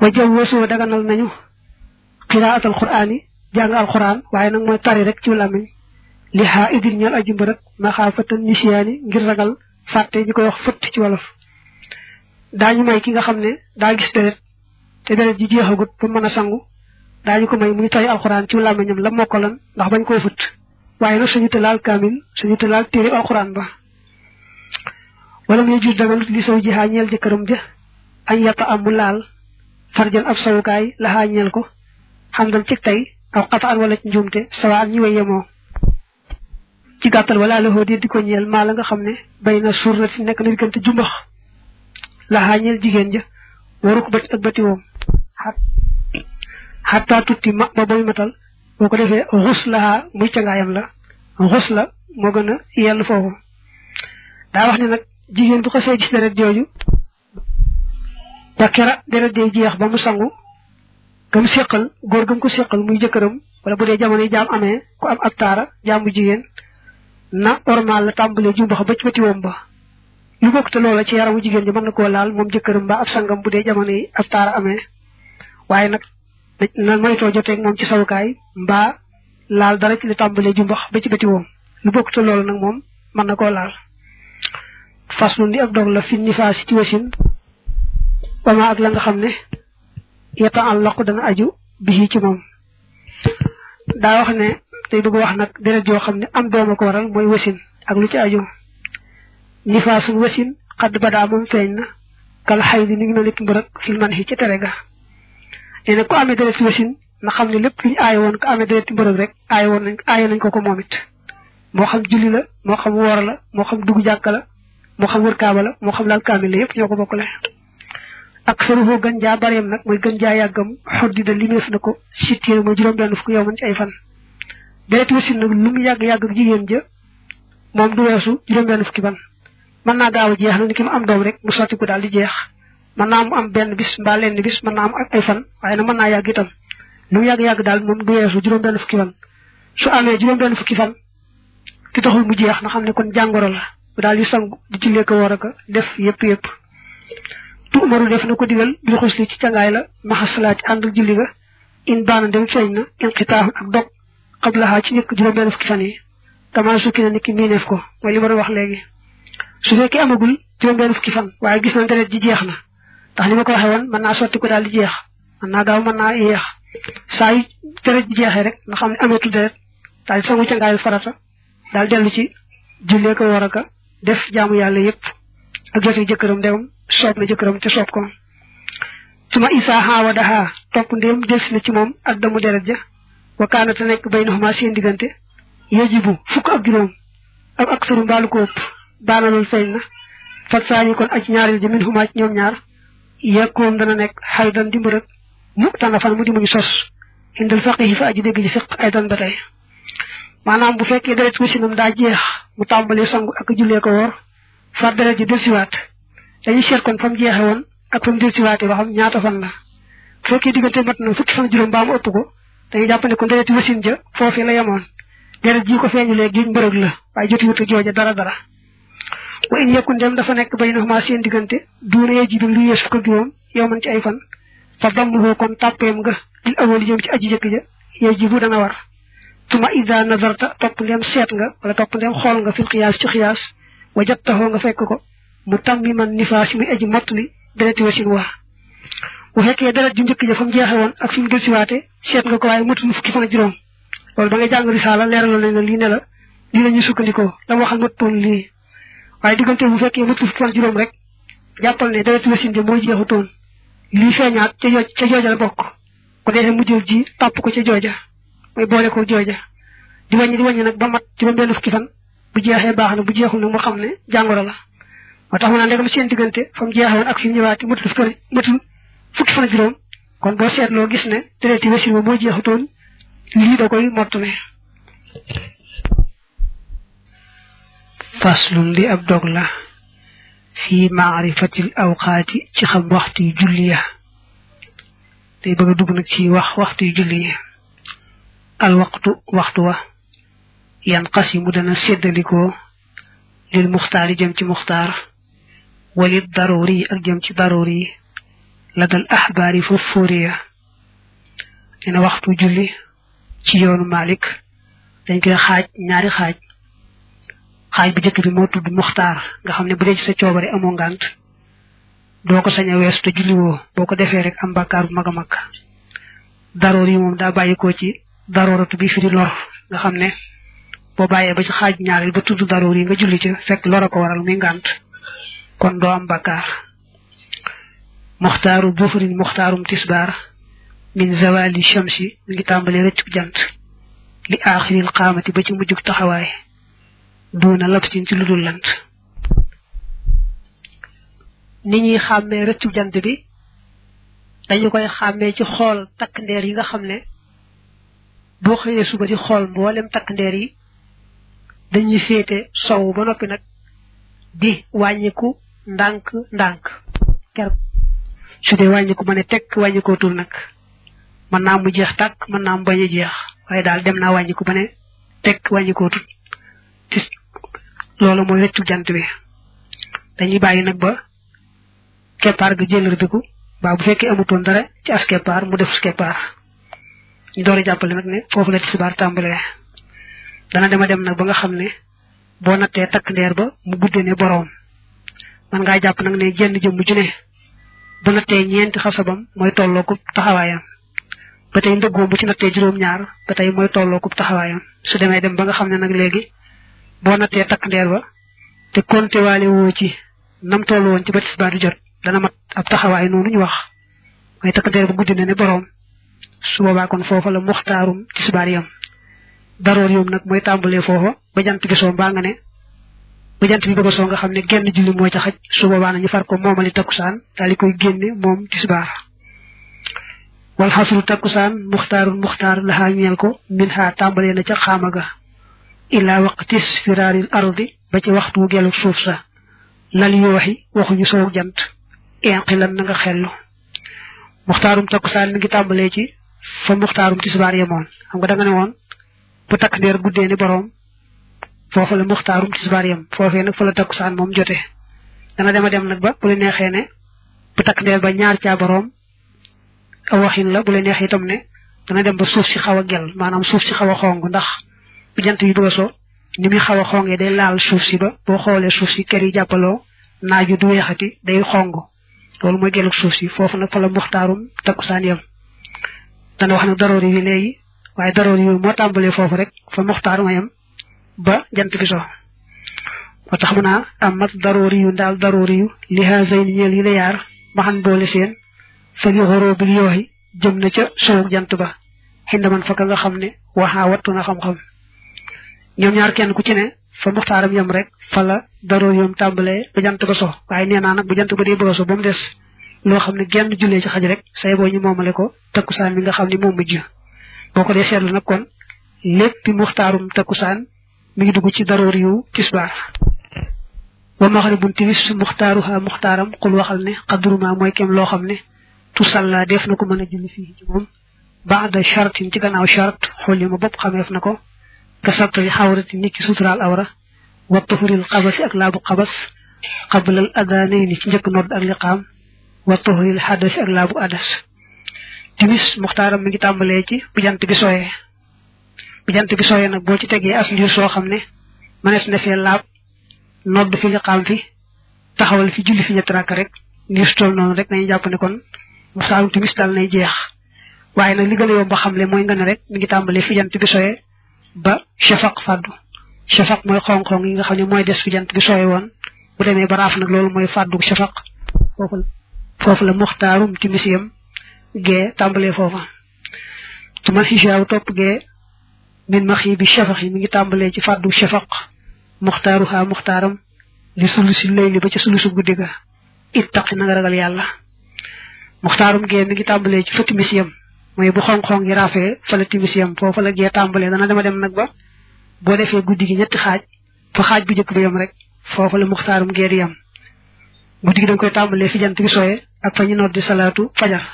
wa jawwasu daganal nañu qiraat alquraan yi jàng alquraan waaye nag mooy tari rek ci làmmiñ li xaa idir ñal aji mbërëg maxaafatan nisyaani ngir ragal fàtte ñu koy wax fëtt ci wolof daañu may ki nga xam ne daa gis deret te deret ji jeexagut ba mën a sangu daañu ko may muy tari alxuraan ci làmmiñam la mokkalan ndax bañ koy fëtt waaye nag suñu talaal kaamil suñu talaal téere alxuraan ba wala muy jur daganut li sow ji xaa ñeel jëkkëram ja añ yatta am laal farjal ab sawukaay laxaa ñeel ko xam dal ci tey aw xataan wala ci njuumte sawaan ñu way yemoo ci gàttal wala la di ko ñeel maa la nga xam ne bay na suur na si nekk na diggante jumbax laxaa ñeel jigéen ja waruk bati ak bati woom xataa tuuti ma ba muy matal boo ko defee xus laxaa muy cangaayam la xus la moo gën a yell foofu daa wax ne nag jigéen bu xasee gis deret jooju takira deret day jeex ba mu sangu gam séqal góor gam ko séqal muy jëkkëram wala bu dee jamono yi jaam ame ko am ab taara jaam bu jigéen na normal la tàmbalee jumbax ba ci bëti wom ba lu bokk te loola ci yaramu jigéen ji mën na koo laal moom jëkkëram ba ab sangam bu dee jamono yi ab taara amee waaye nag na moytoo joteeg moom ci sawukaay mbaa laal dara ci li tàmbalee jumbax ba ci bëti wom lu bokk te loola nag moom mën na koo laal fas lu ni ab dog la wama ak la nga xam ne yataallaqu dana aju bi ci moom daa wax ne tey bëgg wax nag deret yoo xam ne am dooma ko waral mooy wasin ak lu ci aju nifaasul wasin xadd badaa moom feeñ na kal xay di ni ngi mel ni mbërëg fil man ci tere ga nee na ku amee deret wasin na xam ne lépp lu aaye woon ko amee deret mbërëg rek aaye woon nañ aaye nañ ko ko moom it moo xam julli la moo xam woor la moo xam dugg jàkk la moo xam wër kaaba la moo xam laal kaamil la yëpp ñoo ko bokkale ak saruhu gën jaa bareem mooy gën jaa yàggam xoddida limeef ko sittiir mooy juróom-benn fukk yow man ci ay mu yàgg-yàgg jigéen ja moom du weesu juróom-benn fukki fan mën naa gaaw a jeex na ni ki mu am doom rek mu sotti ko daal di jeex mën naa mu am benn bis mbaa lenn bis mën naa am ak ay fan waaye nag mën naa yàgg itam lu mu yàgg-yàgg daal moom du weesu juróom-benn fukki fan su amee juróom-benn fukki fan ti taxul mu jeex na xam ne kon jàngoro la daal di sangu di jullee ko war a def yëpp yëpp tu umaru def na ko digal bil xusli ci cangaay la maxasalaati ànd ak julli ga in baana dem feeñ na in xitaaxun ak dog xablaxaa ci nekk juróom-benn fukki fan yi kama sukki na niki miineef ko mooy li ma doon wax léegi su fekkee amagul juróom-benn fukki fan waaye gis na deret ji jeex na ndax li ma ko waxee woon mën naa sotti ko daal di jeex mën naa gaaw mën naa yeex saa yu deret ji jeexee rek nga xam ne ameetul deret daal di sangu cangaayal farata daal dellu ci jullee ko war a def jaamu yàlla yëpp ak jote jëkkëram dewam soob na jëkkëram ci soob ko su ma isaa xaawa daxaa topp ndéem des na ci moom addamu deret ja wakaana te nekk bay naxumaa seen diggante yajibu fukk ak juróom ak ak saru mbaalu ko ëpp baana loolu feeñ na fat saani kon aj ñaareel ja min xumaa ñoom ñaar yekkoon dana nekk xay dan dimb rek mu tànn fan mu dimb ñu sos indal faqihi fa aji dégg ci fiq ay dan ba tey maanaam bu fekkee deret wasinam daa jeex mu tàmbalee sangu ak jullee ko woor far deret dañuy seet kon fa mu jeexe woon ak fa mu del ba xam ñaata fan la bu fekkee diggante mat na fukki fan ëpp ko dañuy jàpp ne kon dereti wasin ja foofee la yemoon deret ji ko feeñulee juñ mbërëg la dara dara wa in yëkkun dem nekk bay na xamaa seen diggante duunee ji bi lu yees fukk ak juróom yow man ci ay fan fa dammuhoo kon tàppeem nga lil awali jëm ci aji jëkk ja yee ji bu dana war tuma ida nazarta topp ndeem seet nga wala topp ndeem xool nga fil xiyaas ci xiyaas wa jattaxoo nga fekk ko mu tam mi man nifaas muy li mottali dereti wasin waa bu fekkee deret ju njëkk ja fa mu jeexe woon ak fi mu si siwaate seet nga ko waaye matul fukki fan ak juróom loolu ba nga jàng risaala leeralal la lii ne la lii la ñuy sukkandikoo la mu waxal matutoon lii waaye bu fekkee fukki fan juróom rek jàppal ne dereti wasin ja mooy jeexutoon lii feeñaat ca jooj ca jooja la bokk ko defee mu jël ji tàpp ko ca jooja mooy boole ko jooja di wàññi di wàññi nag ba mat ci ba benn fukki fan bu jeexee baax na bu jeexul nag mu xam ne jàngoro la moo tax mu naan ndegam seen diggante fa jeexoon ak fi mu ñëwaati mëtul fi ko mëtul fukki fan juróom kon boo seetloo gis ne dereeti wasiir ba moo jeexutoon lii da koy mottale li ab dog la fi maarifatil awqaati ci xam waxtu yu julli ya day bëgg a dugg waxtu yu julli al waxtu waxtu wa yan xas mu dana séddalikoo lil muxtaar yi jëm ci muxtaar walit daroori yi ak jëm ci daroori yi la dal axbaar yi foofu fóoriya nee na waxtu julli ci yoonu Malik dañ koy xaaj ñaari xaaj xaaj bu jëkk bi moo tudd muxtaar nga xam ne bu dee ci sa coobare amoo ngànt doo ko sañ a weesu te julliwoo boo ko defee rek am bàkkaar bu mag a mag daroor yi moom daa bàyyi ko ci darooratu bi fi di lor nga xam ne boo bàyyee ba ci xaaj ñaareel ba tudd daroor yi nga julli ci fekk lor a ko waral muy ngànt kon doo am bakkaar muxtaaru buufurin muxtaarum tisbaar min zawali shamsi mi ngi tàmbalee rëccub jant li aaxiril xaamati ba ci mujjug taxawaay doona labsin ci lu dul lant ni ñuy xàmmee rëccub jant bi dañu koy xàmmee ci xool takk ndeer yi nga xam ne boo xëyee suba di xool mboolem takk ndeer yi dañuy féete sow ba noppi nag di wàññiku ndànk ndànk keroog su ko ma ne tekk wàññi koo tul nag mën naa mu jeex takk mën naa mu bañ jeex waaye daal dem naa wàññi ko ba ne tekk wàññi koo tul loolu mooy rëccu jant wi dañuy bàyyi nag ba keppaar ga jël rëddiku baa bu fekkee amutoon dara ci as keppaar mu def keppaar ñu jàppale nag ne foofu la tisbaar tàmbalee dana dema dem nag ba nga xam ne boo nattee takk ndeer ba mu guddee ne boroom man ngaa jàpp nag ne jenn jëmm ju ne bu nattee ñeenti xasabam mooy tollooku taxawaayam ba tey ndëggoom bu ci nattee juróom-ñaar ba tey mooy tollooku taxawaayam su demee dem ba nga xam ne nag léegi boo nattee takk ndeer ba te konte waale woo ci nam toll woon ci ba tisbaar du jot dana mat ab taxawaay noonu ñu wax mooy takk ndeer ba guddi na ne boroom su boobaa kon foofa la muxtaarum tisbaar yam daroor yoom nag mooy tàmbalee foofa ba jant bi ba jant bi bëgg soo nga xam ne genn julli moo ca xaj su boobaa nañu far ko moomali takkusaan daal di koy génne moom tisbaar wal xasru takkusaan muxtaarul muxtaar laxaa ñeel ko min xaa tàmbalee na ca xaama ga illaa waqtis firaaril ardi ba ci waxtu gelu suuf sa lal yooxi waxuñu soog jant inqilan na nga xellu muxtaarum takkusaan mi ngi tàmbalee ci fa muxtaarum tisbaar yemoon xam nga da nga ne woon bu takk ndeer guddee ni boroom foofu la muxtaarum tisbaar yam foofee nag fa la takkusaan moom jote dana dema dem nag ba bu la neexee ne bu takk ndeel ba ñaar caa a waxin la bu la neex itam ne dana dem ba suuf si xaw a gel maanaam suuf si xaw a xong ndax bu jant bi bëgg so muy xaw a xongee day laal suuf si ba boo xoolee suuf si kër yi jàppaloo naaju du weexati day xong loolu mooy gelug suuf si foofu nag fa la muxtaarum takkusaan yam dana wax nag daroori bi léegi waaye daroori bi moo tàmbalee foofu rek fa muxtaarum yam ba jant bi so moo tax mu naa am mat daroori yu ndaal daroori yu li haasay ni ñeel yi la yaar maxan boole seen fa li xoroo bi yooxi jëm na ca sowug jant ba xindaman fa ka nga xam ne waxaa wattu na xam-xam ñoom ñaar kenn ku ci ne fa muxtaaram yam rek fa la daroor yoom tàmbalee ba jant ba so waaye nee naa nag bu jant ba dee bëgg a so ba mu des loo xam ne genn jullee ci xaj rek say boo ñu moomale ko takkusaan bi nga xam ne moom mujj boo ko dee seetlu nag mi ngi dugg ci daroor yu tisbaar wa maxribun timis muxtaaruha muxtaaram xul waxal ne xadruma mooy kem loo xam ne tusalla def na ko mën a julli fii ci moom baada chartin ci gannaaw chart xul yi ma na ko ka sartali xawrati nit ki suturaal awra wa tuhuril xabasi ak laabu xabas xabalal adaanay ni ci njëkk nodd ak liqaam wa tuhuril xadasi ak laabu adas timis muxtaaram mi ngi tàmbalee ci bu bi sooyee bi jant bi sowee nag boo ci tegee as liir soo xam ne mënees na fee laab nodd fi liqaam fi taxawal fi julli fi ñetti rakk rek liir su toll noonu rek nañu jàpp ne kon saaru timis daal jeex waaye nag li gën a yomb ba xamle mooy nga ne rek mi ngi tàmbalee fi jant bi sowee ba shafaq fàddu shafaq mooy xonk yi nga xam ne mooy des fi jant bi sowee woon bu demee ba raaf nag loolu mooy fàddu shafaq foofu foofu la muxtaarum timis yam gee tàmbalee foofa su man xisaaw topp gee ma maxi bi shafaq yi mi ngi tàmbalee ci fàddu shafaq muxtaaruha muxtaaram li sulusi layli ba ci sulusu guddi ga ittaqi na nga ragal yàlla muxtaarum gee mi ngi tàmbalee ci fa timis yam mooy bu xong-xong yi raafee fa la timis yam foofu la gee tàmbalee dana dema dem nag ba boo defee guddi gi ñetti xaaj fa xaaj bu jëkk ba yam rek foofu la muxtaarum gee di yam guddi gi da nga koy tàmbalee fi jant bi sooyee ak fa ñu noddi salaatu fajar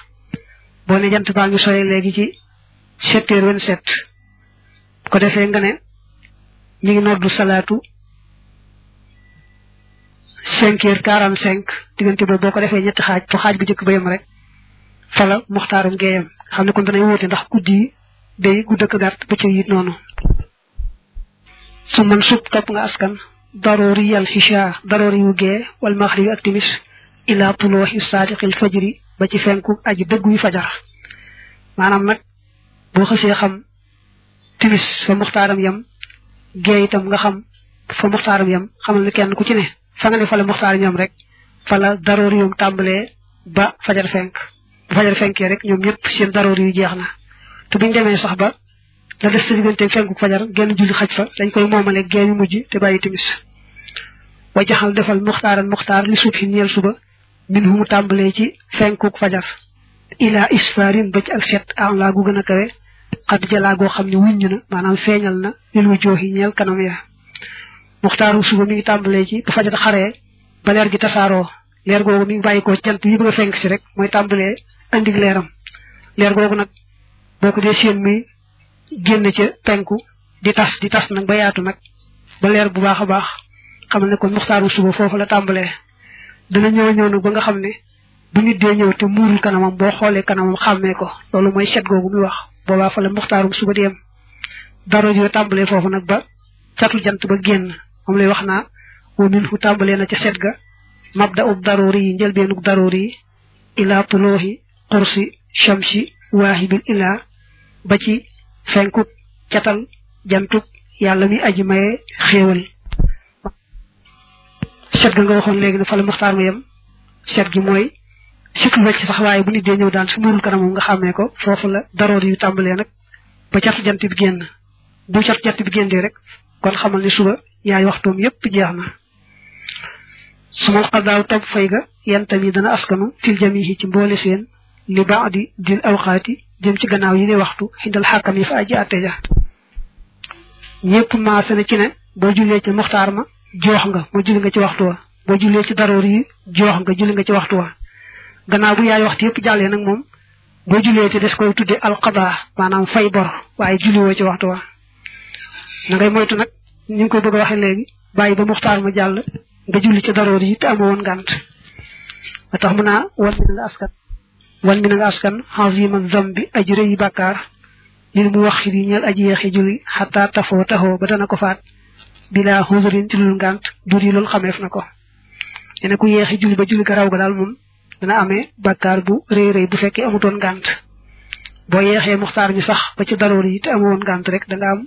boo ne jant baa léegi ci sept heures ko defee nga ne ñu ngi noddu salaatu cinq heures quarante cinq diggante boobu boo ko defee ñetti xaaj fu xaaj bu jëkk ba yem rek fala muxtaarum geeyam xam ne kon danay wóote ndax guddi yi day gudd ak gàtt bëccëg yi noonu su man sub topp nga askan daroori yal xisha daroori yu gee wal maxribi ak timis ila tulooxi saadiqil fajri ba ci fenku aji dëgguy fajar maanaam nag boo xësee xam timis fa muxtaaram yam gee itam nga xam fa muxtaaram yam xamal ne kenn ku ci ne fa nga ne fa la muxtaaram yam rek fa la daroor yom tàmbalee ba fajar fenk bu fajar fenkee rek ñoom ñëpp seen daroor yu jeex na te buñ demee sax ba la des sa diggante fenku fajar genn julli xaj fa dañ koy moomale gee yu mujj te bàyyi timis wa jaxal defal muxtaaran muxtaar li suub si ñeel suba min hu mu tàmbalee ci fenkuk fajar ilaa isfarin ba ci ak set en laa gu gën a kawe xadd jalaa goo xam ne wuññu na maanaam feeñal na lil wu jooxi ñeel kanam ya muxtaaru suba mi ngi tàmbalee ci bu fajar xaree ba leer gi tasaaroo leer googu mi bàyyi ko jant yi bëgg a fenk si rek mooy tàmbalee andi leeram leer googu nag boo ko dee seen muy génn ca penku di tas di tas nag ba yaatu nag ba leer bu baax a baax xam ne kon muxtaaru suba foofu la tàmbalee dana ñëw ñëw nag ba nga xam ne bu nit dee ñëw te muurul kanamam boo xoolee kanamam xàmmee ko loolu mooy set wax boobaa fa la muxtaarum suba di yem daro joo tàmbalee foofu nag ba catu jant ba génn moom lay wax na wa minhu tàmbalee na ca set ga mabda ub daroori yi njëlbeenug daroori yi ilaa tulooxi xursi shamsi waahibil ilaa ba ci fenkub catal jantub yàlla mi aji maye xéewal set ga nga waxoon léegi ne fa la muxtaar ma yem set gi mooy sikk ba ci sax waaye bu nit dee ñëw daan su kanam kanamam nga xàmmee ko foofu la daroor yu tàmbalee nag ba cat jant bi génn bu cat jant bi génnee rek kon xamal ni suba ñaari waxtoom yépp jeex na su ma xadaaw topp fay ga yi dana askanu fil jamihi ci mboole seen li baax di dil awxaati jëm ci gannaaw yi ne waxtu xindal xàkkam yi fa aji àtte ja ñépp maase na ci ne boo jullee ci muxtaar ma joox nga moo julli nga ci waxtu wa boo jullee ci daroor yi joox nga julli nga ci waxtu wa gannaaw bu yaari waxtu yëpp jàllee nag moom boo jullee te des koy tudde alqada maanaam fay bor waaye julli woo ci waxtu wa na ngay moytu nag ñu ngi koy bëgg a waxee léegi bàyyi ba muxtaar ma jàll nga julli ci daroor yi te amoo ngant ngànt tax mu naa wan mi na nga askan wan mi na nga askan xaziman zambi aji rëyi bàkkaar lil mu wax yi ñeel aji yeexi julli xataa tafoo taxoo ba dana ko faat bila xusurin ci lul ngànt dur yi loolu xameef na ko nee na ku yeexi julli ba julli ga raw ga daal moom dana amee bàkkaar bu rëy rëy bu fekkee amutoon ngànt boo yeexee muxtaar mi sax ba ci daroor yi te amoon ngànt rek danga am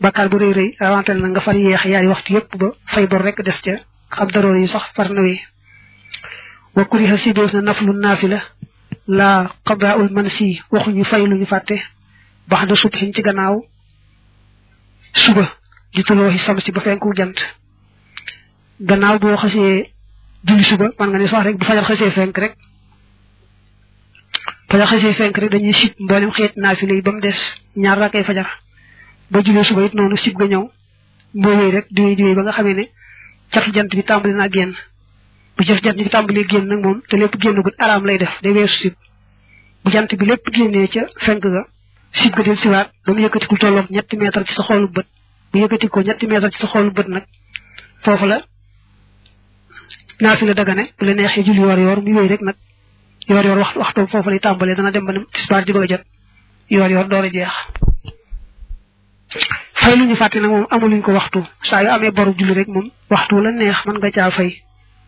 bàkkaar bu rëy rëy avantel na nga far yeex yaari waxtu yépp ba fay bor rek des ca xam daroor yi sax far nawee wa kuriha sidéef na naflu naafila laa qadaul mansi waxuñu fay fàtte bax da subhin ci gannaaw suba li tulooxi samsi ba fenku jant gannaaw boo xasee julli suba man nga ne soo rek bu fajar xasee fenk rek fajar xasee fenk dañuy sib mboolem xeet naafile yi ba mu des ñaar rakkay fajar ba jullee suba it noonu sib ga ñëw moo wéy rek di wéy di ba nga xamee ne catu jant bi tàmbali naa génn bu jëf jant bi tàmbalee génn nag moom te lépp génn gut araam lay def day weesu sib bu jant bi lépp génnee ca fenk ga sib ga del siwaat ba mu yëkkati ku tolloog ñetti mètre ci sa xoolu bët bu yëkkati ñetti mètre ci sa xoolu bët nag foofu la naafila daga ne bu la neexee julli yoor yoor mu wéy rek nag yoor yoor waxtu waxtu foofu lay tàmbalee dana dem ba ne tisbaar di bëgg a jot yoor yoor door a jeex fay lu ñu fàtte nag moom amuluñ ko waxtu saa yu amee boru julli rek moom waxtu la neex mën nga caa fay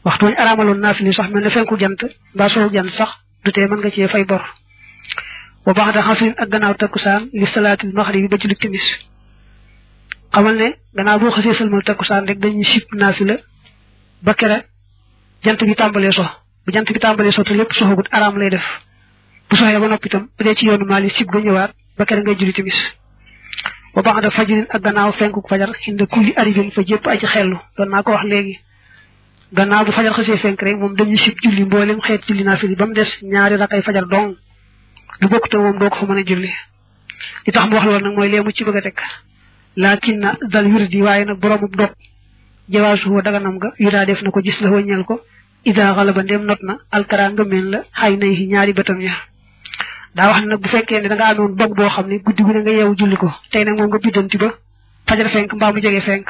waxtu wañ araamaloon naafila sax mel ne fenku jant mbaa sowu jant sax du tee mën nga cee fay bor wa baax da xasrin ak gannaaw takkusaan li salaatil maxrib bi ba julli timis xamal ne gannaaw boo xasee sëlmal takkusaan rek dañuy sib naafila ba kere jant bi tàmbalee so bu jant bi tàmbalee so te lépp soxagut araam lay def bu soxee ba noppi itam bu dee ci yoonu Maalik sib ga ba kere ngay julli timis ba ba'da fajrin ak gannaaw fenkuk fajar inda kulli aribin fa jépp naa ko wax léegi gannaaw bu fajar xasee fenk rek moom dañuy sib julli mboolem xeet julli naa fi ba mu des ñaari rakay fajar dong lu bokkute moom doo ko fa mën a julli li tax mu wax loolu nag mooy lee mu ci bëgg a teg laakin na dal wirdi waaye nag boroomub dog jawaasuhu daganam ga yu daa def na ko gis la waññal ko ida xalaba ndem not na alkara nga meen la xay nay si ñaari bëtam ya daa wax na bu fekkee ne da nga amoon bog boo xam ne guddi gu ne nga yeewu ko tey nag moom nga biddanti ba fajar fenk mbaa mu jege fenk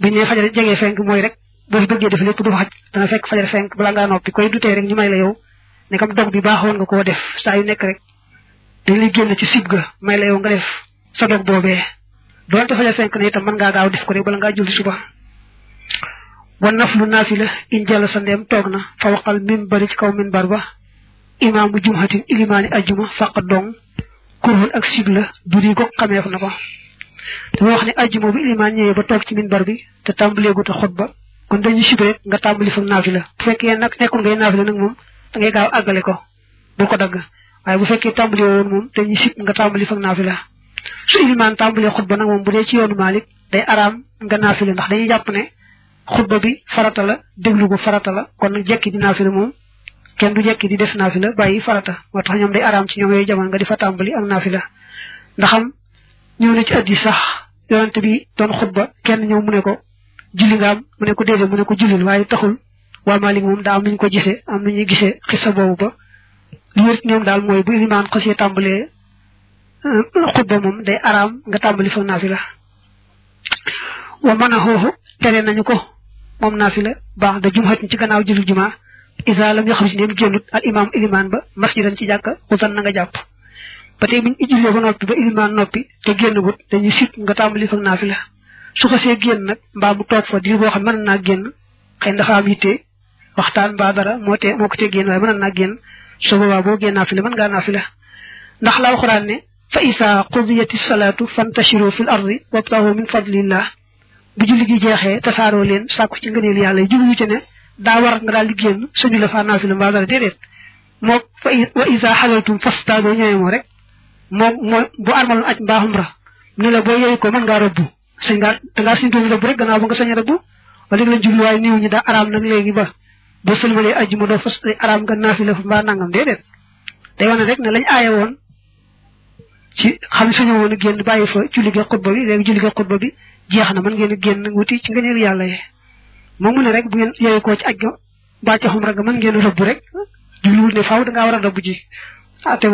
bu ñu nee fajar mooy rek boo fi bëggee def lépp du xaj fekk fajar fenk balaa noppi koy dutee rek ñu may la yow ne kam dog bi baaxoon nga koo def saa yu nekk rek dañ lay génn ci sib ga may la yow nga def sa dog boobee doonte fajar fenk na itam mën ngaa gaaw def ko rek bala ngaa julli suba wa naflu naafila in jalla sa ndeem toog na fa waxal bari ci kaw minbar ba imaamu jumhatin ilimaani ajjuma fàq dong kurhun ak sibla duri ko xameef na ko dama wax ne ajjuma bu ilimaan ñëwee ba toog ci minbar bi te tàmbaleegu te ba kon dañu sib rek nga tàmbali fa naafila bu fekkee nag nekkul ngay naafila nag moom da ngay gaaw àggale ko bul ko dagg waaye bu fekkee tàmbali woon moom dañu sib nga naafila su ilimaan tàmbalee xutba nag moom bu dee ci yoonu Malik day araam nga naafile ndax dañuy jàpp ne xutba bi farata la déglu ko farata la kon nag jekki di naafile moom kenn du jekki di def naafila bàyyi farata moo tax ñoom day araam ci ñoom yooyu jamono nga di fa tàmbali ak naafila ndaxam ñëw na ci at yi sax yonent bi doon xutba kenn ñëw mu ne ko julli nga mu nekko ko déedéet mu ne ko jullil waaye taxul waa Malik moom daa am nu ñu ko gisee am nu gisee xisa boobu ba lu wér ci ñoom daal mooy bu ilimaan xutba moom day araam nga tàmbali fa naafila wa mën a xooxu tere nañu ko moom naafila baax da jum xatin ci gannaaw julli juma isa lam yoo xam si nem génnut al imaam ilimaan ba masjidan ci jàkka xutan na nga jàpp ba tey bu ba noppi ba noppi te génnagut dañuy sit nga tàmbali fa naafila su ko see génn nag mbaa mu toog fa diir boo xam mën naa génn xëy na dafa am yitte waxtaan mbaa dara moo te moo ko tee génn waaye mën naa génn soo boobaa boo génnaa fi la mën ngaa naa fi la ndax la waxuraan fa isa qudiyati salaatu fantashiru fil ardi wabtahu min fadlillah bu julli gi jeexee tasaaroo leen sàkku ci ngëneel yàlla jublu ci ne daa war nga daal di génn suñu la faa naafila mbaa dara déedéet moo bu armaloon aj mbaa umra ni la boo yooyu ko mën ngaa rëbbu sañ ngaa dangaa sañ doon a rëbbu wala léegi la jubluwaay niw ñi daa araam nag léegi ba boo sëlmalee ajjuma doo fas araam nga naafila mbaa nangam déedéet day wane rek ne lañ aaye woon ci xam ne sañoo woon a génn bàyyi fa julli ga xutba bi léegi julli ga xutba bi jeex na mën ngeen génn wuti ci ngëneelu yàlla yi moom mu ne rek bu ngeen yooyu koo ci aj ga bàcc xumra ga mën ngeen a rëbb rek jubluwul ne faaw dangaa war a rëbb ji ate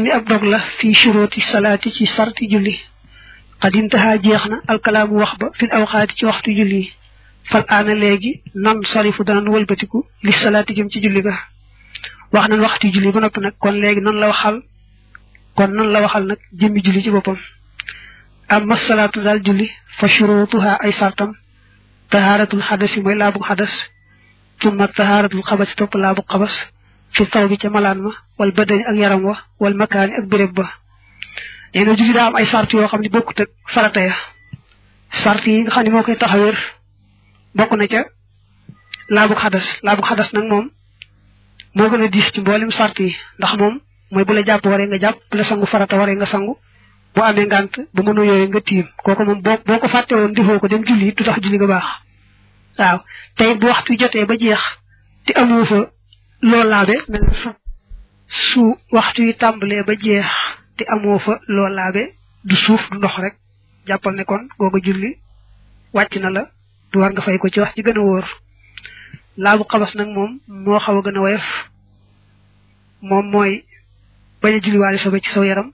ni ab dog la fii shurooti salaati ci sarti julli qad intahaa jeex na alkalaamu wax ci waxtu julli fal aana léegi nan sarifu daan wëlbatiku li salaati jëm ci julli ga wax nañ waxtu julli ba noppi nag kon léegi nan la waxal kon nan la waxal nag jëmmi julli ci boppam amma salaatu daal julli fa shurutuha ay sartam tahaaratul xadas yi mooy laabu xadas tumma tahaaratul xabas topp laabu xabas fi taw bi ca malaan ma wal badani ak yaram wa wal makaani ak béréb ba nee na julli daa ay sart yoo xam ne bokkut ak farata ya sart yi nga xam ne moo koy taxawér bokk na ca laabu xadas laabu xadas nag moom moo gën a diis ci mboolem sart yi ndax moom mooy bu la jàpp waree nga jàpp bu la sangu farata waree nga sangu boo amee ngànt bu mënu yooyee nga tiim kooku moom boo boo ko fàtte woon defoo ko dem julli du tax julli nga baax waaw tey bu waxtu jotee ba jeex te amoo fa loo laabe su waxtu yi tàmbalee ba jeex te amoo fa loo laabe du suuf du ndox rek jàppal ne kon googa julli wàcc na la du war nga fay ko ci wax ci gën a wóor laabu xabas nag moom moo xaw a gën a woyof moom mooy bañ a julliwaale sobe ci saw yaram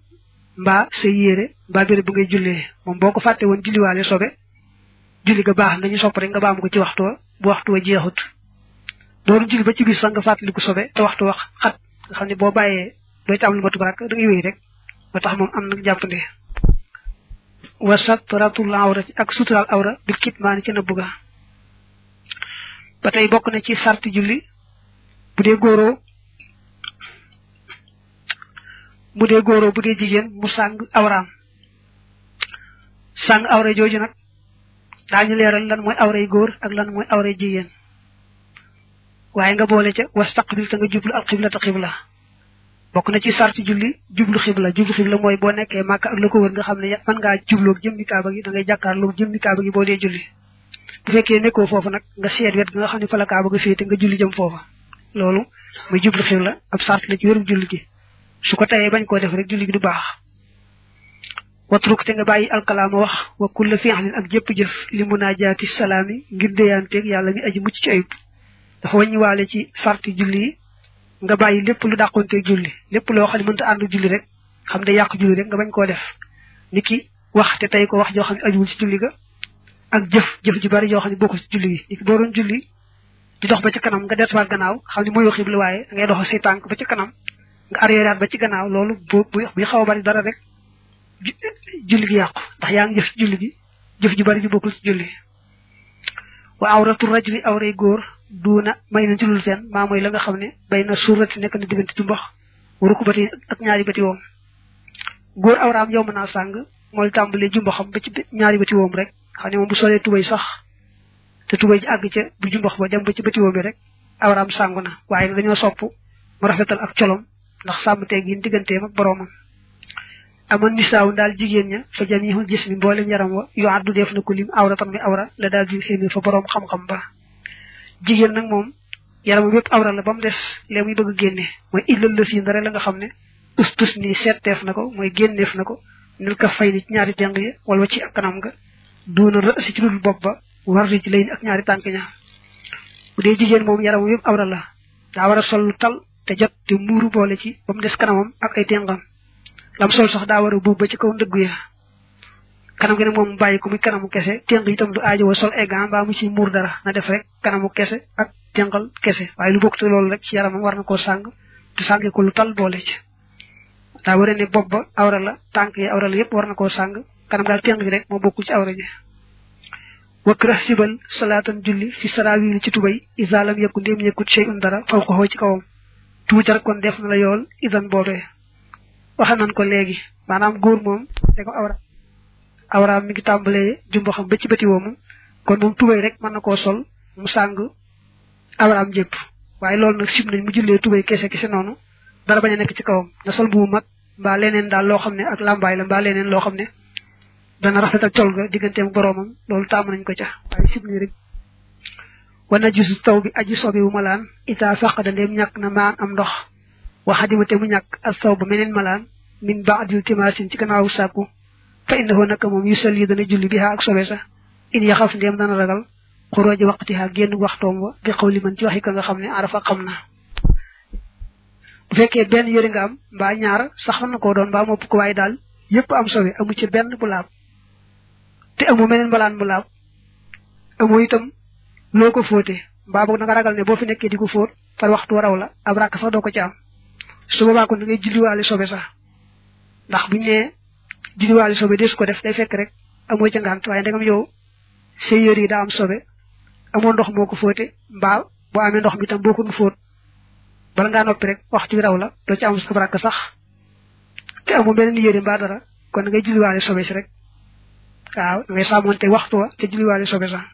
mbaa say yére mbaa béréb bu ngay jullee moom boo ko fàtte woon julliwaale sobe julli ga baax nañu sopp rek nga baamu ko ci waxtu wa bu waxtu wa jeexut doon ci gis sax nga fàttaliku sobe te wax xat xam ne boo bàyyee doo ci am lu matu barak da wéy rek ba tax moom am nag jàppande wa satratul awra ak suturaal awra bil kitmaani ci nëbb ga ba tey bokk na ci sarti julli bu dee góoroo bu dee góoroo jigéen mu sàng awraam sàng awra jooju nag daañu leeral lan mooy awray góor ak lan mooy awray jigéen waaye nga boole ca wastaqbil te nga jublu al xibla te xibla bokk na ci sarti julli jublu xibla jublu xibla mooy boo nekkee màkk ak la ko wër nga xam ne mën ngaa jubloo jëmmi kaaba gi da ngay jàkkaarloo jëmmi kaaba gi boo dee julli bu fekkee nekkoo foofu nag nga seet wet nga xam ne fa la kaaba ga féete nga julli jëm foofa loolu ma jublu la ab sart la ci wérum julli gi su ko tayee bañ koo def rek julli gi du baax watruk te nga bàyyi alkalaama wax wa kulla fi'lin ak jëpp jëf li munaajaati salaami ngir déyanteeg yàlla mi aji mucc ci ayib dafa wàññi waale ci sarti julli yi nga bàyyi lépp lu dàqonteeg julli lépp loo xam ne mënta àndu julli rek xam ne yàq julli rek nga bañ koo def niki wax te tey ko wax joo xam ne ajuwul ci julli ak jëf jëf ju bari yoo xam ne bokku ci julli yi boo doon julli di dox ba ci kanam nga dellusiwaat gannaaw xam ni mooy xibla waaye ngay dox say tànk ba ci kanam nga arrière ba ci gannaaw loolu bu buy xaw a bari dara rek julli gi yàqu ndax yaa ngi jëf ci julli gi jëf ju bari ju bokkul ci julli wa awratu rajuli awray góor duuna may na ci lul seen maa mooy la nga xam ne bay na suurati nekk na diggante jumbax rukubati ak ñaari bati woom góor awraam yomb naa sàng mooy tàmbalee ba ci ñaari bati woom rek xam ne moom bu solee tubay sax te tubay ji àgg ca bu jumbax ba dem ba ci bëti bi rek awraam sàngu na waaye dañoo sopp mu rafetal ak colom ndax sàmm teeg yi digganteem ak boroomam amoon nisaaw daal jigéen ña fa jamihul gis mi mboolem yaram wa yu àddu def na ko lim awra tam mi awra la daal di xéemee fa boroom xam-xam ba jigéen nag moom yaram wépp awara la ba mu des lee muy bëgg génne mooy illal la si ndare la nga xam ne ustus nii seetteef na ko mooy génneef na ko nil ka fay ni ci ñaari teng ya ci ak duuna rësi ci dul bopp ba war ci layin ak ñaari tànk ña bu dee moom yaram yëpp awra la daa war a sol lu tal te jot te muuru boole ci ba mu des kanamam ak ay téngam lam sol sax daa war a buub ci kaw ndëggu ya kanam gi nag moom bàyyi ko muy kanamu kese téng itam du aajo wa sol ay gants mu ci muur dara na def rek kanamu kese ak téngal kese waaye lu bok te loolu rek ci yaramam war na koo sàng te sànge ko tal boole ci daa war a ne bopp ba awra la tànk yi yëpp war na koo sàng kanam daal peng bi rek moo bokkul ci awra ji wakrah sibal salaatan julli fi saraawil ci tubay isaalam yëkku ndéem yëkkut shay'un dara faw ko xoo ci kawam tuujar kon def na la yool idan boobee waxa ko léegi maanaam góor moom te mi ngi tàmbalee jumbo ba ci bëti woomu kon rek mën na koo sol mu sàng awraam jépp waaye loolu nag sib nañ mu jullee tubay kese kese noonu dara bañ a nekk ci kawam na sol bu mag mbaa leneen daal loo xam ne ak làmbaay la mbaa leneen loo xam ne dana rafetal col ga digganteem boroomam loolu taamu nañ ko ca waaye sib nii rek wana gisu taw bi aju sobi wu malaan itaa faqda ndéem ñàkk na maan am ndox waxadimate mu ñàkk as taw ba meneen malaan min baadil timaasin ci gannaaw sàkku fa indahu naka moom yu sal yi dana julli bi haa ak sobe sa in yaxaf ndéem dana ragal xurooji waqtihaa génn waxtoom wa bi xawli ci waxi ka nga ne arafa xam na bu fekkee benn yëri nga am mbaa ñaar sax na koo doon mbaa mopp ko waaye daal yëpp am sobe amu ci benn bu laab te amu meneen mbalaan mu laaw amu itam loo ko fóote mbaa boog da nga ragal ne boo fi nekkee di ko fóot far waxtu raw la ab ràkk sax doo ko ci am su boobaa kon da ngay julliwaale sax ndax buñu nee julliwaale sobe dee ko def day fekk rek amoo ca ngant waaye ndegam yow say yére yi daa am sobe amoo ndox moo ko fóote mbaa boo amee ndox mi itam boo ko nu fóot bala ngaa noppi rek waxtu raw la doo ci am ab ràkk sax te amu beneen yére mbaa dara kon da ngay julliwaale sobe si rek waaw ngay sàmmonte waxtu wa te julliwaale sobe sax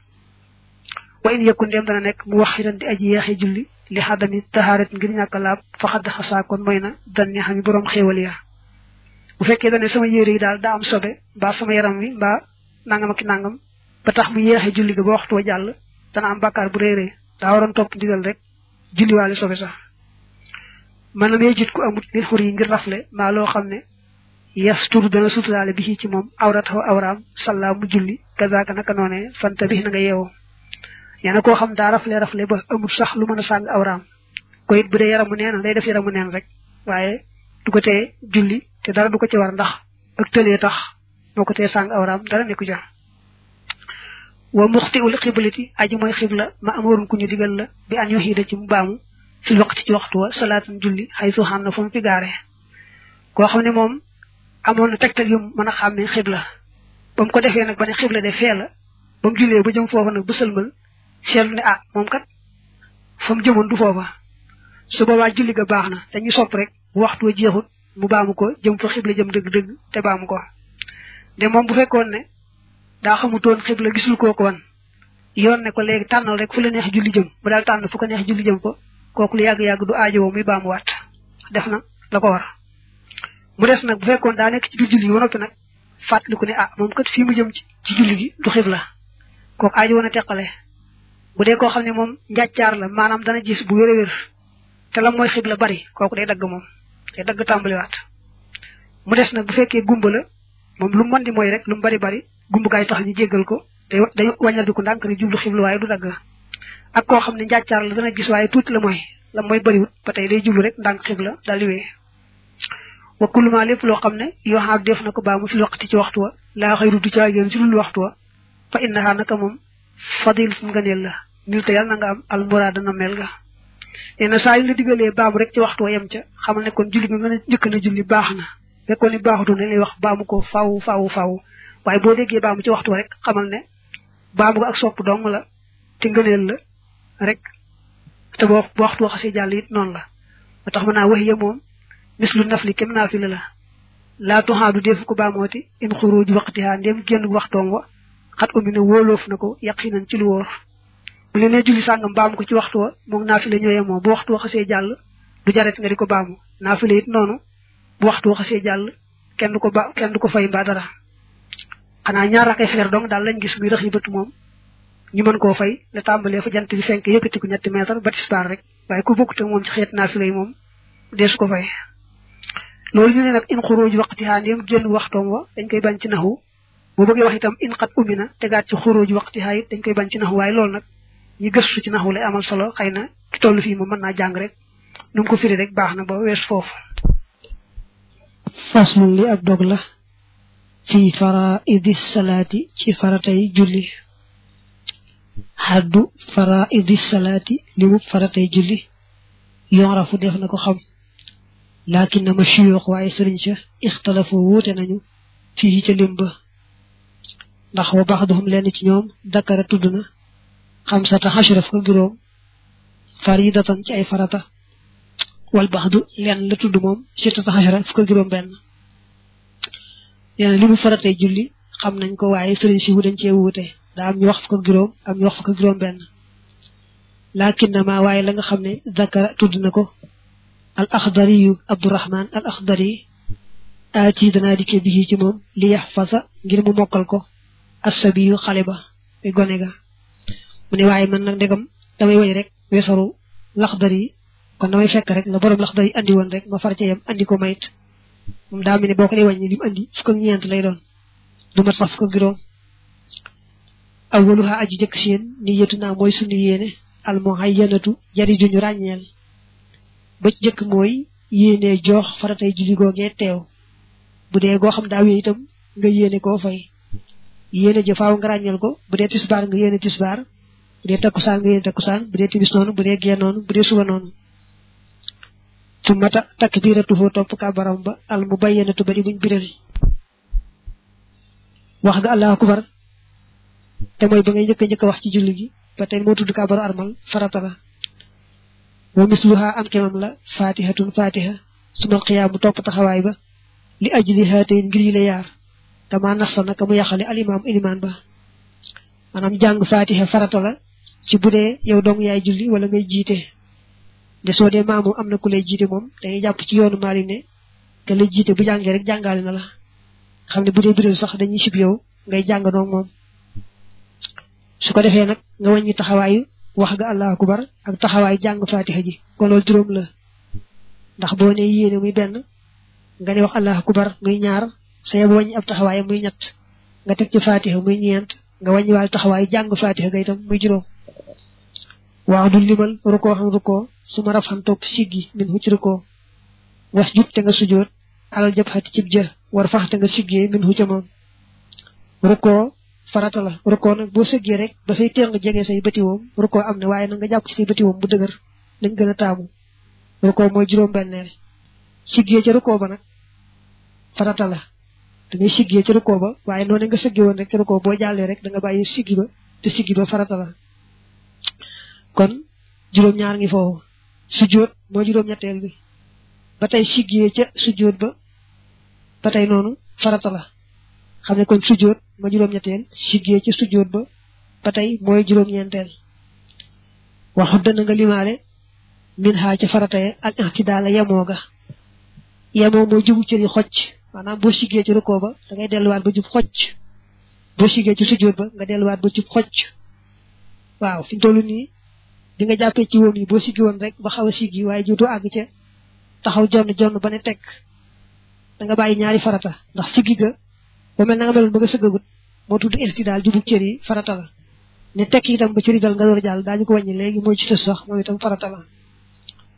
wa in yëkku ndéem dana nekk mu wax xiran di aji yeexe julli li xadami taxaaret ngir ñàkk laab fa xadd xasaa kon na dan ñi xam yi boroom xéewal yaa bu fekkee dane sama yére daal daa am sobe mbaa sama yaram wi mbaa nangam ak nangam ba tax mu yeexe julli ga ba waxtu wa jàll dana am bàkkaar bu réeree daa waroon topp ndigal rek julliwaale sobe sax maanaam yee jit ku amut nit xur yi ngir rafle maa loo xam ne yastur dana suturaale bi ci moom awratahu awraam salla mu julli kazaaka naka noonee fanta bi na nga yeewoo nee na koo xam daal rafle rafle ba amul sax lu mën a sàng awraam ko it bu dee yaramu neen day def yaramu neen rek waaye du ko tee julli te dara du ko ci war ndax ak tëlee tax moo ko tee sàng awraam dara nekku jar wa muxti ul xiblati aji mooy xibla ma amoon ku ñu digal la bi an yoxiida ci mu baamu fil waqti ci waxtu wa salaatin julli xay suxaan amoon na tegtal yu mën a xàmmee xibla ba mu ko defee nag ba ne xibla de fee la ba mu ba jëm foofa nag ba sëlmal seetlu ne ah moom kat fa mu jëmoon du foofa su boobaa julli ga baax na dañuy sopp rek waxtu wa jeexut mu baamu ko jëm fa xibla jëm dëgg-dëgg te baamu ko de moom bu fekkoon ne daa xamutoon xibla gisul kooku wan yoon ne ko léegi tànnal rek fu la neex julli jëm mu daal tànn fu ko neex julli jëm ko kooku lu yàgg-yàgg du aajo woo muy baamuwaat def na la ko war mu des nag bu fekkoon daa nekk ci biir julli gi ba noppi nag fàttaliku ne ah moom kat fii mu jëm ci julli gi du xibla kooku aajo woon a teqale bu dee koo xam ne moom njàccaar la maanaam dana gis bu wér wér te la mooy la bari kooku day dagg moom day dagg tàmbaliwaat mu des nag bu fekkee gumba la moom lu mën di mooy rek lu mu bari bari gumba gaay tax ñu jéggal ko day day wàññal bi ko ndànk ne jublu xibla waaye du dagg ak koo xam ne njàccaar la dana gis waaye tuuti la mooy la mooy bariwut ba tey day jublu rek ndànk xibla daal di wa kullu lépp loo xam ne yoo xaag def na ko baa mu fil waqti ci waxtu wa laa xayru du caagéen ci lul waxtu wa fa innaha naka moom fadil suñ ngëneel la mil te yàlla na nga am almuraada na mel nga nee na saa yu la digalee baamu rek ci waxtu wa yem ca xamal ne kon julli nga gën a njëkk na julli baax na fekkoon ni baaxutu ne lay wax baamu ko faw faw faw waaye boo déggee mu ci waxtu wa rek xamal ne baamu ko ak sopp dong la te ngëneel la rek te boo waxtu wa xasee jàll it noon la moo tax mën naa wax ya mislu nafli kem naafila la laa tuxaadu defu ko baamooti in xuruj waqtiha ndem génn waxtoom wa xat umina wóoloof na ko yaqinan ci lu wóor bu le nee julli sàngam baamu ko ci waxtu wa moom naafila ñoo yemoo bu waxtu wa xasee jàll du jaret nga di ko baamu naafila it noonu bu waxtu wa xasee jàll kenn du ko ba kenn du ko fay mbaa dara xanaa ñaar ak ay daal lañ gis muy rëx yi bëtt moom ñu mën koo fay la tàmbalee fa jant bi fenk yëkkati ko ñetti mètre ba tisbaar rek waaye ku bokkute moom ci xeet naafila yi moom deesu ko fay loolu ñu ne nag in xuruuj waqtihaa ndéem génn waxtoom wa dañ koy bañ ci naxu boo bëggee wax itam in xat ummi na tegaat ci xuruuj waqtihaa it dañ koy bañ ci naxu waaye loolu nag ñi gëstu ci naxu lay amal solo xay na ki toll fii moom mën naa jàng rek nu ko firi rek baax na ba wees foofu faslun li ak dog la fi faraidi ci faratay julli xaddu faraidi salaati li mu faratay julli yoon rafu def na ko xam laakin na ma suyoox waaye sëriñ sa ixtalafu wuute nañu fii ca lim ba ndax wa baxduhum lenn ci ñoom dakara tudd na xamsata xashraf ka juróom faridatan ci ay farata wal baxdu lenn la tudd moom sittata xashraf ka juróom benn nee na li mu faratay julli xam nañ ko waaye sëriñ si wu dañ cee wuute daa am ñu wax fukk ak juróom benn laakin na ma waaye la nga xam ne dakara tudd na ko al axdariyu abdurahman al axdari aati ah, danaa dikkee bii ci moom li yaxfasa ngir mu mokkal ko assabiyu xale ba muy e gone ga mu ne waaye man nag ndegam damay woy rek weesaru laxdari kon damay fekk rek la borom laxdari andi woon rek ma far ca yam andi ko mayit moom daa mel ne boo ko dee wàññi li andi fukk ak ñeent lay doon du mat sax fukk ak juróom awwaluha aji jëkk seen niyatu naa mooy sunu yéene al muhayyanatu jari juñu ràññeel ba ci njëkk mooy yéenee joox faratay julli googee teew bu dee goo xam daa wéy itam nga yéene koo fay yéene ja faaw nga ràññal ko bu dee tisbaar nga yéene tisbaar bu dee takkusaan nga yéene takkusaan bu dee timis bu dee gee noonu bu dee suba noonu su ma ta takbiratu foo topp kabaram ba al mu bayyanatu ba di buñ biral wax nga allahu akbar te mooy ba ngay njëkk a njëkk wax ci julli gi ba tey moo tudd kabaru armal farata la wa misluha am kemam la fatihatun fatiha suma xiyaamu topp taxawaay ba li ajli haatayn ngir yi la yaar kama nasa naka mu yàqale alimaam ilimaan ba maanaam jàng fatiha farata la ci bu dee yow dong yaay julli wala ngay jiite de soo dee maamu am na ku lay jiite moom dañuy jàpp ci yoonu maalik ne ka lay jiite bu jàngee rek jàngaale na la xam ne bu dee biréew sax dañuy sib yow ngay jàng noog moom su ko defee nag nga wàññi taxawaayu wax nga allahu akbar ak taxawaay jàng fatiha ji kon loolu juróom la ndax boo ne yéene muy benn nga ne wax allahu akbar muy ñaar sa yeb wàññi ab taxawaay muy ñett nga teg ci fatiha muy ñeent nga wañ waal taxawaayu jàng fatiha gay tam muy juróom waaw du limal rukkoo xam rukkoo su ma raf xam topp siggi min hucc rukkoo was jub te nga sujoot alal jëp xati cib jë war fax te nga siggee min hucca moom rukkoo farata la rukkoo nag boo sëggee rek ba say téng jege say bëti woom rukkoo am na waaye na nga jàpp ci say bëti woom bu dëgër dañ gën a taamu rukkoo mooy juróom-benneel siggee ca ba nag farata la da siggee ca rukkoo ba waaye noonu nga sëggee woon rek ca rukkoo boo jàllee rek da nga bàyyi siggi ba te siggi ba farata la kon juróom-ñaar ngi foofu sujjóot mooy juróom-ñetteel bi ba tey siggee ca sujjóot ba ba tey noonu farata xam ne kon sujjóot ma juróom-ñetteel siggee ci sujjóot ba ba tey mooy juróom-ñeenteel waxu dana nga limaale min xaa ca farataye al ihtidaala yemoo ga yemoo mooy jubu cër yi xocc maanaam boo siggee ci rukoo ba da delluwaat ba jub xocc boo ci sujjóot ba nga delluwaat ba jub xocc waaw fi mu toll nii di nga jàppee ci woom yi boo siggi woon rek ba xaw a siggi waaye juutu àgg ca taxaw jonn jonn ba ne tekk da nga bàyyi ñaari farata ndax siggi ga ba mel na nga meloon ba nga sëggagut moo tudd irtidaal jubug cër yi farata la ne tekk itam ba cëri dal nga door jàll daañu ko wàññi léegi mooy ci sës sax moom itam farata la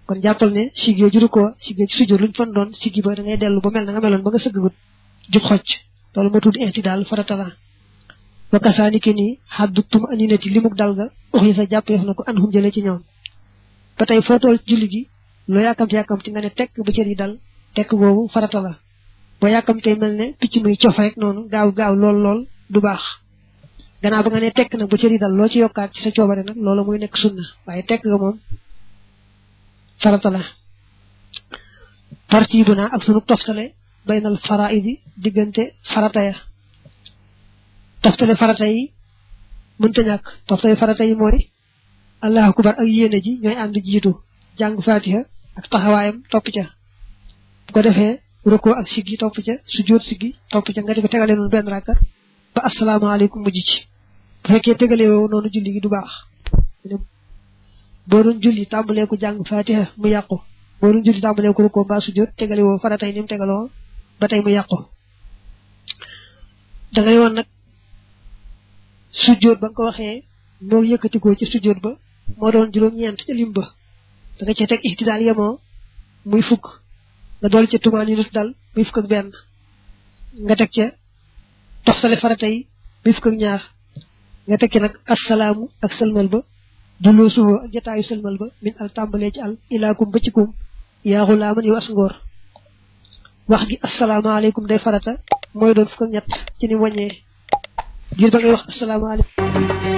kon jàppal ne siggee juru ko siggee ci sujur luñ fan doon siggi ba da ngay dellu ba mel na nga meloon ba nga sëggagut jub xocc loolu moo tudd irtidaal farata la wa kasaani ki nii xaddu tum aninati li mug dal ga uxi sa jàpp na ko an hum jële ci ñoom ba tey foo tool julli gi loo yàkkamti yàkkamti nga ne tekk ba cër yi dal tekk boobu farata la boo yàkkamtee mel ne picc muy cof rek lool lool du baax gannaaw tekk nag bu cëri dal loo ci yokkaat ci sa coobare nag nekk waaye tekk nga moom farata la parti bu naa ak sunu toftale baynal faraidi diggante farata ya toftale farata yi mënta ñàkk toftale farata yi mooy allahu akbar ak ji ñooy ànd jiitu jàng fatiha ak taxawaayam topp bu ko defee roko ak siggi topp ca sujjóot siggi topp ca nga di ko tegale noonu benn rakka ba asalaamaaleykum mujj bu fekkee tegale noonu julli du baax boo doon julli tàmbalee ko jàng fatiha mu yàqu boo doon julli tàmbalee ko tey ni mu tegaloo ba tey mu yàqu da ngay nag sujjóot ba nga ko waxee moo yëkkatikoo ci sujjóot ba moo doon juróom-ñeent ca lim ba da nga cee teg ihtidaal muy fukk nga dool ca tumaan dal muy fukk benn nga teg ca toxsale farata yi muy fukk ak nga teg ca nag assalaamu ak sëlmal ba dulloo suufoo ak jataayu sëlmal ba min al tàmbalee ci al ilaakum ba ci kum yaa xulaaman yow wax gi asalaamaaleykum day farata mooy doon fukk ak ñett ci ni wàññee ngir ba ngay wax asalaamaaleykum